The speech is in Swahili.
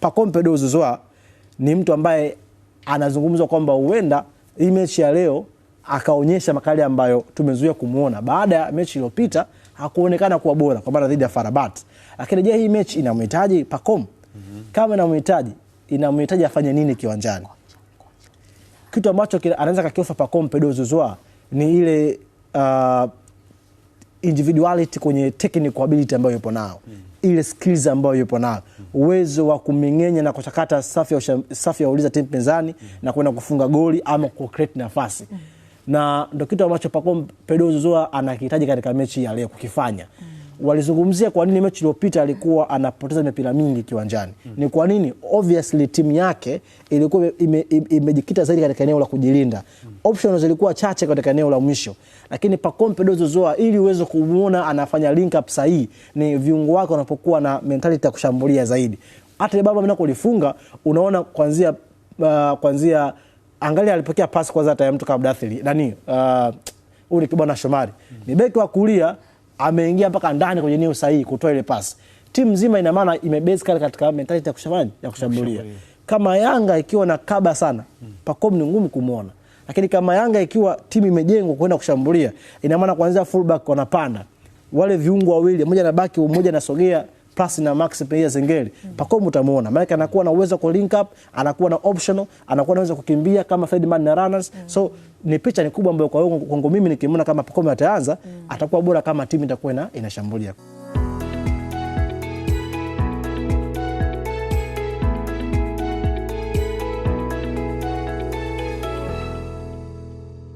Pacome do Zouzoua ni mtu ambaye anazungumzwa kwamba huenda hii mechi ya leo akaonyesha makali ambayo tumezuia kumuona. Baada ya mechi iliyopita hakuonekana kuwa bora kwa maana dhidi ya Farabat. Lakini je, hii mechi inamhitaji pacom mm-hmm. Kama inamhitaji, inamhitaji afanye nini kiwanjani? Kitu ambacho anaweza kakiofa pacom pedozozoa ni ile uh, individuality kwenye technical ability ambayo yupo nao mm. ile skills ambayo yupo nao mm. uwezo wa kumeng'enya na kuchakata safu ya ya uliza timu pinzani mm. na kwenda kufunga goli ama ku create nafasi mm. na ndio kitu ambacho Paco Pedro anakihitaji katika mechi ya leo kukifanya mm walizungumzia kwa nini mechi iliyopita alikuwa anapoteza mipira mingi kiwanjani. Mm. Ni kwa nini? Obviously timu yake ilikuwa imejikita ime, ime zaidi katika eneo la kujilinda. Mm. Options zilikuwa chache katika eneo la mwisho. Lakini Pacome Zozoa ili uweze kumuona anafanya link up sahihi ni viungo wake wanapokuwa na mentality ya kushambulia zaidi. Hata ile baba mnakulifunga unaona kuanzia uh, kuanzia angalia alipokea pasi kwanza hata ya mtu kama Abdathili. Nani? Uh, huyu ni Bwana Shomari. Mm. Ni beki wa kulia ameingia mpaka ndani kwenye eneo sahihi kutoa ile pasi. Timu nzima ina maana imebase katika mentality ya kushambani ya kushambulia. Kama Yanga ikiwa na kaba sana, Pacome ni ngumu kumuona. Lakini kama Yanga ikiwa timu imejengwa kwenda kushambulia, ina maana kuanzia fullback wanapanda. Wale viungo wawili, mmoja anabaki, mmoja anasogea pasi na max pia Zengeli mm. Pacome utamuona, maana anakuwa na uwezo kwa link up, anakuwa na optional, anakuwa na uwezo kukimbia kama third man na runners mm. so ni picha ni kubwa ambayo kwa kwangu mimi nikimuona kama Pacome ataanza mm. atakuwa bora kama timu itakuwa inashambulia.